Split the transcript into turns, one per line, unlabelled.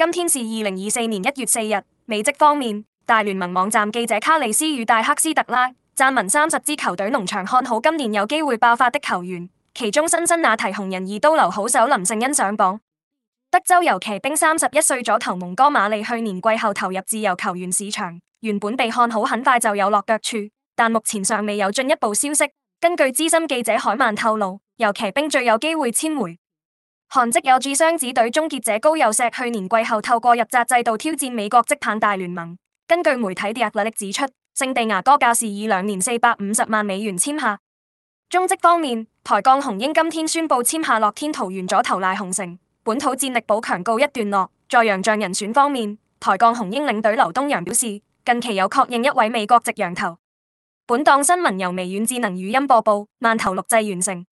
今天是二零二四年一月四日。美職方面，大聯盟網站記者卡里斯與戴克斯特拉撰文三十支球隊農場看好今年有機會爆發的球員，其中辛辛那提紅人二刀流好手林勝恩上榜。德州遊騎兵三十一歲左投蒙哥馬利去年季後投入自由球員市場，原本被看好很快就有落腳處，但目前尚未有進一步消息。根據資深記者海曼透露，遊騎兵最有機會簽回。韓職有志雙子隊終結者高佑錫去年季後透過入札制度挑戰美國職棒大聯盟。根據媒體 The Athletic 指出，聖地牙哥教士以兩年四百五十萬美元簽下。中職方面，台鋼雄鷹今天宣布簽下樂天桃猿左投賴鴻誠，本土戰力補強告一段落。在洋將人選方面，台鋼雄鷹領隊劉東陽表示，近期有確認一位美國籍洋投。本檔新聞由微軟智能語音播報，萬頭錄製完成。